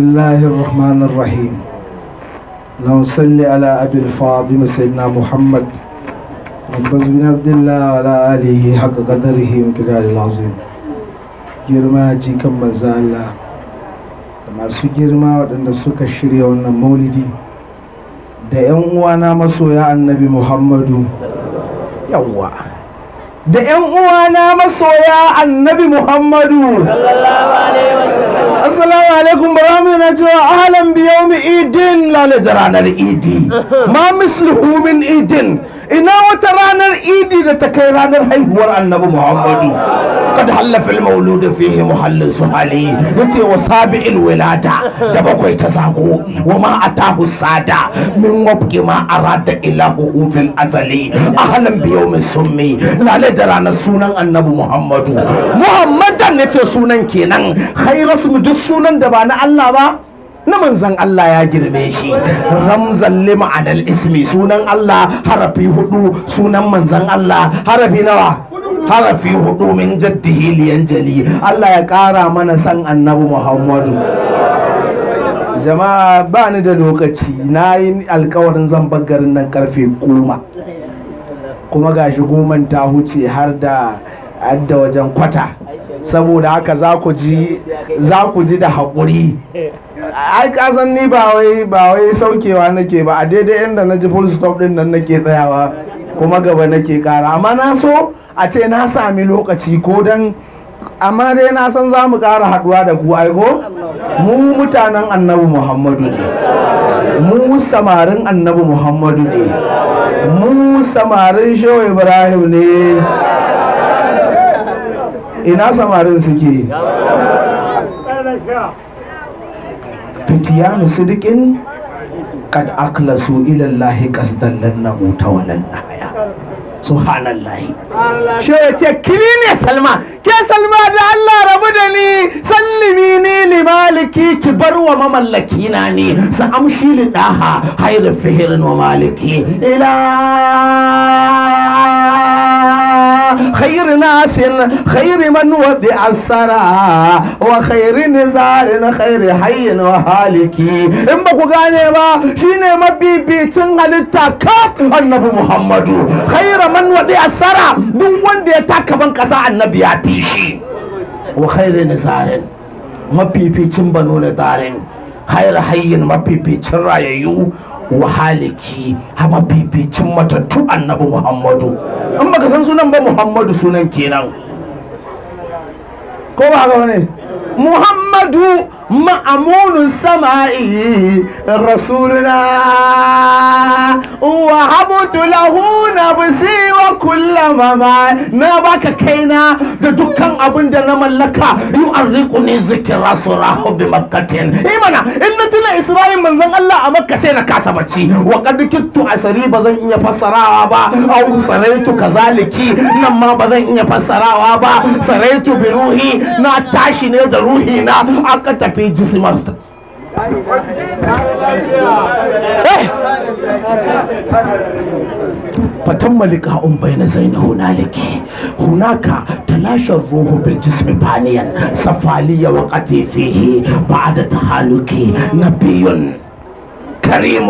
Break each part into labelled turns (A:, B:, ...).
A: بسم الله الرحمن الرحيم اللهم صل على ابي الفاضل سيدنا محمد رب بن عبد الله وعلى اله حق قدره ومقداره العظيم girma jikan manzo Allah da masu girma waɗanda suka shirya wannan maulidi da 'yan uwana masoya annabi Muhammadu yawwa da 'yan uwana masoya annabi Muhammadu sallallahu alaihi wasallam السلام عليكم برامي نجوى عالم بيوم ايدين لا لدرانا ايدي ما مثله من ايدين ina wata ranar idi da ta kai ranar haihuwar annabi muhammadu kad hallafa al-maulud fihi muhallin suhali yace wa sabi'il wilada da bakwai ta sako wa ma atahu sada min wabqi ma arada ilahu fil azali ahlan bi yawmin summi lale da ranar sunan annabi muhammadu muhammadan yace sunan kenan khairu duk sunan da ba na Allah ba na manzan Allah ya girme shi ramzan lima anal ismi sunan Allah harafi hudu sunan manzan Allah harafi nawa harafi hudu min jaddihi liyan jali Allah ya kara mana san annabi Muhammadu jama'a ba ni da lokaci na yi alkawarin zan garin nan karfe goma kuma gashi goman ta huce har da wajen kwata saboda haka za ku ji da haƙuri ai kasan ni ba wai ba saukewa nake ba a daidai inda na ji full stop din nan nake tsayawa kuma gaba nake kara amma na so a ce na sami lokaci ko dan amma dai na san za mu ƙara haɗuwa da ku aiko mu mutanen annabi muhammadu ne mu samarin annabi muhammadu ne mu samarin shehu ibrahim ne ina samarin suke fitiyanu sidikin kad aklasu ilallahi kasdallan na wuta walan haya subhanallahi shi ya ce kini ne salma ke salma da Allah rabu da ni sallimi ni li maliki ki bar wa mamallaki na ne sa amshi li daha hayr fihirin wa maliki ila خير ناس خير من وضع السرى وخير نزار خير حي وهالكي إن بكو غاني با شيني مبي بيتن halitta kaf annabi muhammadu khaira man wadi asara duk wanda ya taka bankasa annabi ya tishi. shi wa khaira nazarin mafificin banu nazarin khaira hayyin mafificin rayayyu wahaliki haliki hama bibicin matattu annabi muhammadu in baka san sunan ba muhammadu sunan kenan ko ba muhammadu ma'amunin sama'i rasuluna wa habutu lahu na bisi wa kullama ma na baka kaina da dukkan abin da na mallaka yi arriku ne zikira su rahu bi makkatin imana in na tuna isra'in manzon Allah a makka sai na kasa bacci wa kad kittu asari ba zan iya fassarawa ba au saraitu kazaliki nan ma ba zan iya fassarawa ba saraitu bi ruhi na tashi ne da ruhi na aka pays du semestre. فتم لقاء بين زين هنالك هناك تلاشى الروح بالجسم فانيا صفالي وقتي فيه بعد تحالكي نبي كريم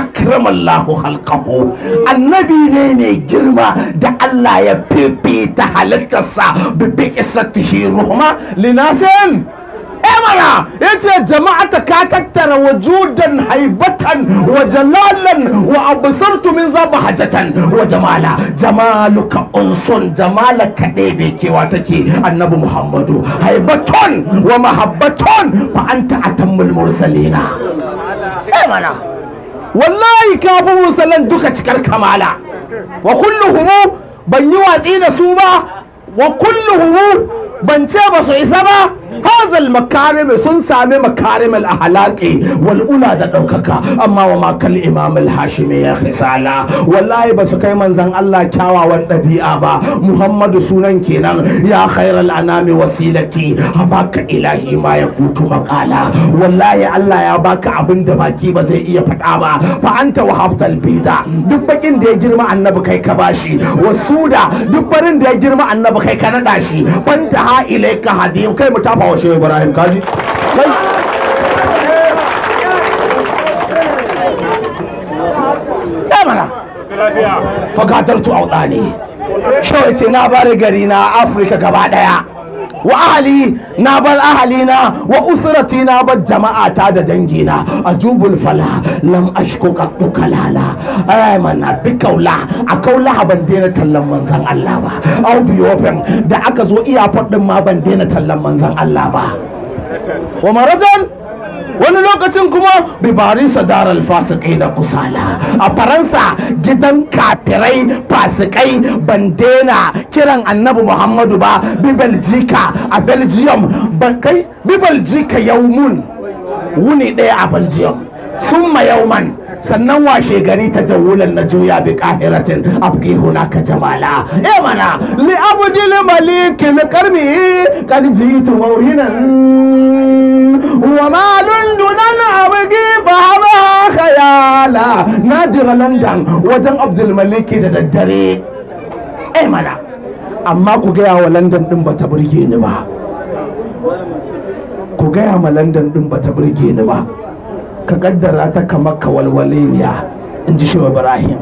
A: akram Allahu halqahu annabi ne mai girma da Allah ya fifita halittarsa bi bi isatihi ruhma linasin ce eh, yace jama'ata ka tattara wujudan haibatan wa jalalan wa absartu min zaba hajatan wa jamala jamaluka unsun jamalaka da kewa take annabi muhammadu haibaton wa mahabbaton fa anta atammul mursalina eh, mana wallahi kafin mursalan duka cikar kamala wa kulluhumu ban yi watsi da su ba wa kulluhumu ban ce ba su isa ba hazal makarimi sun sami makarimil ahlaqi wal ula da ɗaukaka. amma wa makar imamil al hashimi ya khisala wallahi ba su kai manzan Allah kyawawan ɗabi'a ba muhammadu sunan kenan ya khairal anami wasilati habaka ilahi ma ya kutu maƙala. wallahi Allah ya baka abin da baki ba zai iya faɗa ba fa wa wahabtal bida duk bakin da ya girma annabi kai ka bashi wasuda duk barin da ya girma annabi kai ka naɗa shi banta ha ilaika hadim kai mu shafa wa shehu ibrahim kaji kai ɗamana fagatar tu awdani ne shawai ce na bari gari na afirka gaba daya wa ahali na bar ahalina wa usrati na bar jama'ata da dangina ajubul fala lam ashku kalala ai mana bi kaula a kaula ban daina tallan manzan Allah ba au biyofen da aka zo iya faɗin ma ban daina tallan manzan Allah ba wa marajan wani lokacin kuma bibarinsa daral fasikai na kusala a faransa gidan kafirai fasikai bandena, kiran annabi muhammadu ba bibaljika a belgium kai bibaljika yaumun wuni ɗaya a belgium sun yauman sannan washe gari ta jawulan na juya bi kahiratin abgi ka jamala e mana li abdil ne karmi kan jitu mawhinan وما لندن أبقي فهبها خيالا نادر لندن وجن عبد الملك ددري أي منا أما كجيا ولندن دم بتبرجي نبا كجيا ما لندن دم بتبرجي نبا كقدر أتاك مكة والولينيا إنجي شو إبراهيم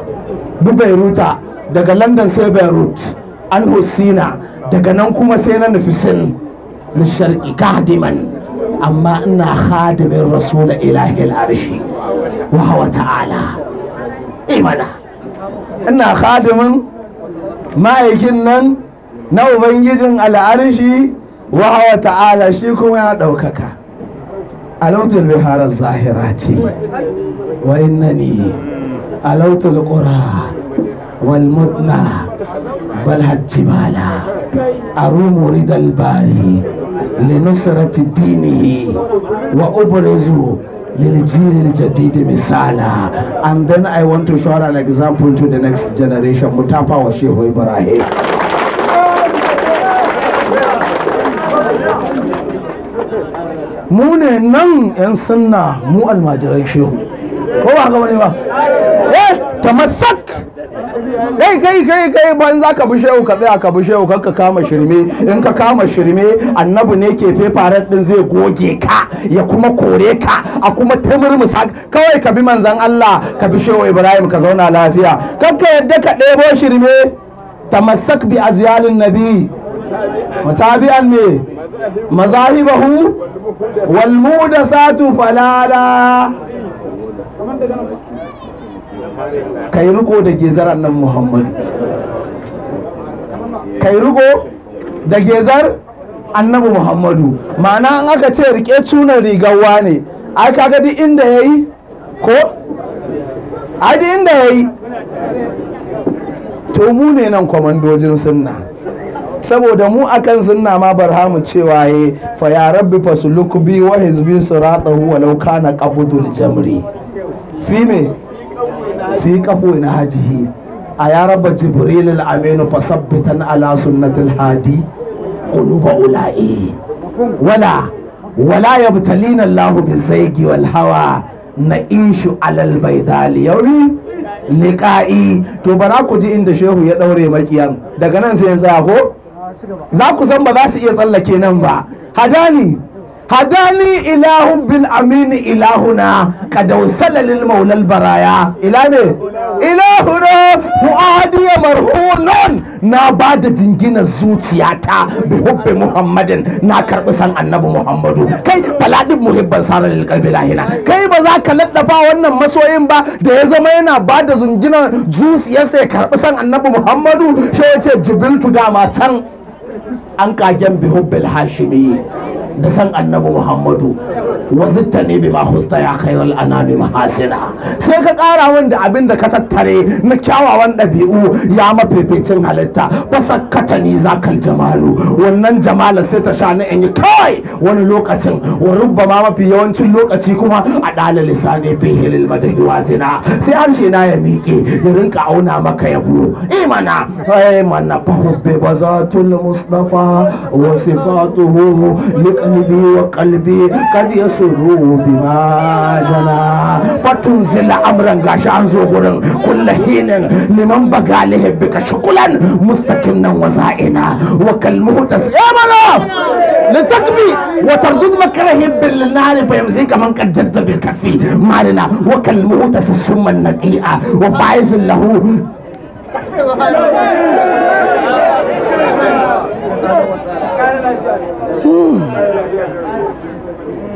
A: ببيروتا daga london sai beirut an husina daga nan kuma sai na nufi sin lisharki kadiman amma ina hadimin rasula ilahil arshi wa ta'ala
B: imana ina hadimin
A: ma'aikin nan na ubangijin al'arshi wa hawa ta'ala shi kuma ya ɗaukaka alautul biharar ce wa innani alautul qura wal mudna bal hajjibala arumu ridal linusrati dinihi wa ubrizu liljilil jadidi misala and then i want to show an example to the next generation mutafa wa shehu ibrahim mu ne nan 'yan sunna mu almajiran shehu ko ba ga wani ba eh tamassak kai kai kai kai ban za ka bi shehu ka tsaya ka bi shehu ka kama shirme in ka kama shirme annabi ne ke fefarar din zai goge ka ya kuma kore ka a kuma taimurmusa kawai ka bi manzan Allah ka bi shehu Ibrahim ka zauna lafiya kar ka yadda ka ɗebo shirme tamassak bi azyalin nabi mutabi'an ne mazahibahu wal mudasatu falala ka yi riko da gezar annan muhammad ka yi riko da gezar annabi muhammadu ma'ana an aka ce rike cunan rigawa ne ai kaga duk inda ya yi ko ai duk inda ya yi to mu ne nan kwamandojin sunna saboda mu akan sunna ma barhamu cewa ya fa ya rabbi fasuluk biyu wa hizbi huwa lauka na lauka jamri fi me fi kafo na hajihi a yaraba raba jibril aminu fasabbitan ala sunnatil hadi quluba ula'i wala wala yabtalina allah bizaigi wal hawa na'ishu alal baidali yawi liqa'i to bara ku ji inda shehu ya daure maƙiyan. daga nan sai ya tsaya ko za ku san ba za su iya tsallake nan ba hadani hadani ilahun bil amini ilahuna kadausala lil maulal baraya ila ne ilahuna fuadi ya marhunun na bada da jingina zuciyata bi hubbi na karbi san annabi muhammadu kai balaɗin muhibban sarar lil kalbi kai ba za ka laddafa wannan masoyin ba da ya zama yana bada da jingina zuciyarsa ya karbi san annabi muhammadu sai ya ce jibiltu dama can an kagen bi hubbil hashimi da san annabi muhammadu wazitta ne bi ma husta ya khairul anami mahasina sai ka kara wanda abin da ka tattare na kyawawan ɗabi'u ya mafificin halitta fasakkata ni zakal jamalu wannan jamala sai ta sha na in yi kawai wani lokacin wa rubba ma mafi yawancin lokaci kuma a ɗala lisani fi hilil madahi wazina sai harshe na ya miƙe ya rinka auna maka yabo imana imana fahubbe bazatul mustafa wa sifatuhu liqalbi wa qalbi suru bi majana batun zila amran gashi an zo gurin kullu hinin liman bagalihi bika shukulan mustaqim nan waza'ina wa kal muhtas ya bala لتكبي وتردد مكره بالنار فيمزيك من قد جد بالكفي مالنا وكلمه تسسم النقيئة وبعث له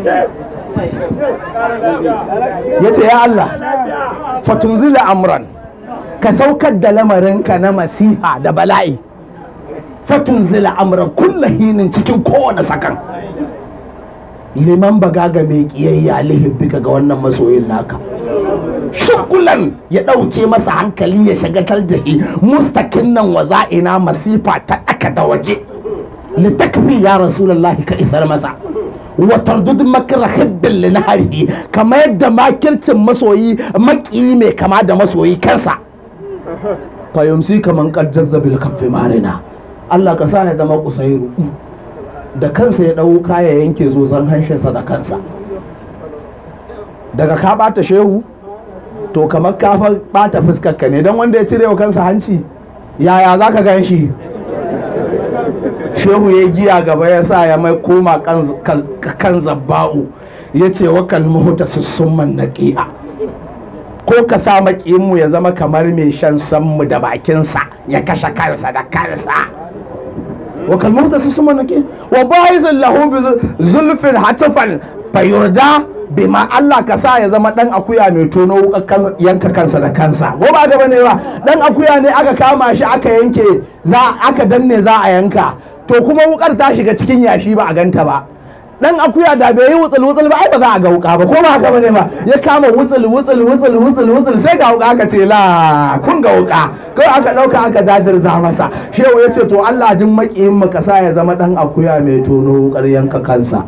A: ya
B: ce ya Allah fatunzila
A: amran ka saukar da lamarinka na masifa da bala'i fatunzila amran hinin cikin kowane sakan liman baga ga mai kiyayya lihibbika ga wannan masoyin naka shukulan ya ɗauke masa hankali ya shiga da shi mustakin nan wa za'ina masifa ta ɗaka da waje litakfi ya rasulullahi ka isar masa watardud tardud makra hibbin li kama kamar yadda makircin masoyi maki mai kama da masoyi kansa fa yumsi kaman qad kaffi marina Allah ka sa ya zama kusairu da kansa ya dau kaya yanke zozon hanshinsa da kansa daga ka ɓata shehu to kamar ka ɓata fuskarka ne don wanda ya cire wa kansa hanci yaya za ka gan shi shehu ya giya gaba ya sa ya mai koma kan zabba'u ya ce wa sun na ƙi'a ko ka sa maƙinmu ya zama kamar mai shan sanmu da bakinsa ya kashe kansa da kansa wa sun na ƙi'a wa ba'izin lahu bi zulfin hatifan fayurda ma Allah ka sa ya zama dan akuya mai tono yanka kansa da kansa ko ba gaba ne ba dan akuya ne aka kama shi aka yanke za aka danne za a yanka to kuma wukar ta shiga cikin yashi ba a ganta ba dan akuya da bai yi wutsul wutsul ba ai ba za a ga wuka ba ko ba haka bane ba ya kama wutsul wutsul wutsul wutsul wutsul sai ga wuka aka ce la kun ga wuka kai aka dauka aka za masa shehu yace to Allah jin makiyin maka sa ya zama dan akuya mai tono wukar yanka kansa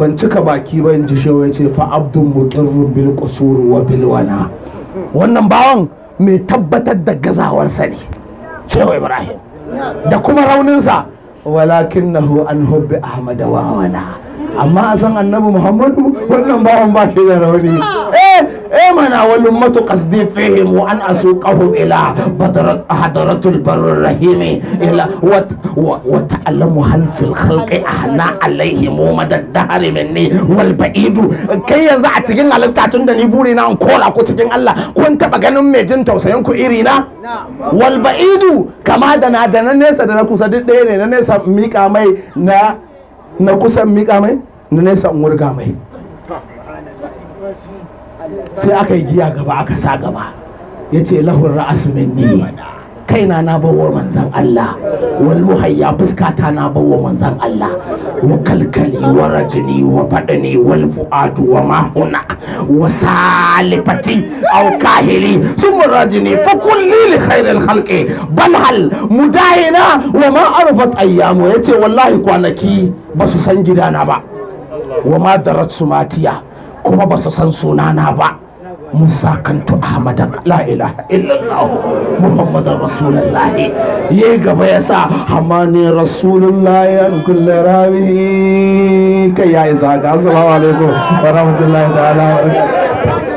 A: ban cika baki ba in ji shehu ya fa abdun muqirrun bil qusur wa bil wana wannan bawan mai tabbatar da gazawarsa ne cewa ibrahim da kuma rauninsa walakin na an hubbi ahmada wawana amma a san annabi muhammadu wannan bawan ba shi da rauni eh eh mana wani ummatu qasdi fihim wa an asuqahum ila badrat hadratul barr rahim ila wa wa ta'lamu hal fil khalqi ahna alaihim madad dahr minni wal kai yanzu a cikin halitta tun da ni buri na an kola ku cikin Allah kun taba ganin mai jin tausayin ku iri na wal kama da na da na nesa da na kusa duk ɗaya ne na nesa mika mai na kusan mika mai na nesa in wurga mai sai aka yi giya gaba aka sa gaba ya ce lahun ra'asu minni kaina na bawa manzan Allah wal muhayya fuskata na bawa manzan Allah wa kalkali wa rajini wa fadani wal fu'adu wa mahuna wa salifati aw kahili summa rajini fa kulli li khairil khalqi bal hal mudahina wa ma arfat ayyamu yace wallahi kwanaki basu san gidana ba wa ma darat sumatiya kuma ba su san sunana ba musa kantu ahmad la ilaha illallah muhammad rasulullah ya gaba yasa sa hamani rasulullah ya kulle rawi kai Ya isa assalamu alaikum wa rahmatullahi ta'ala wa barakatuh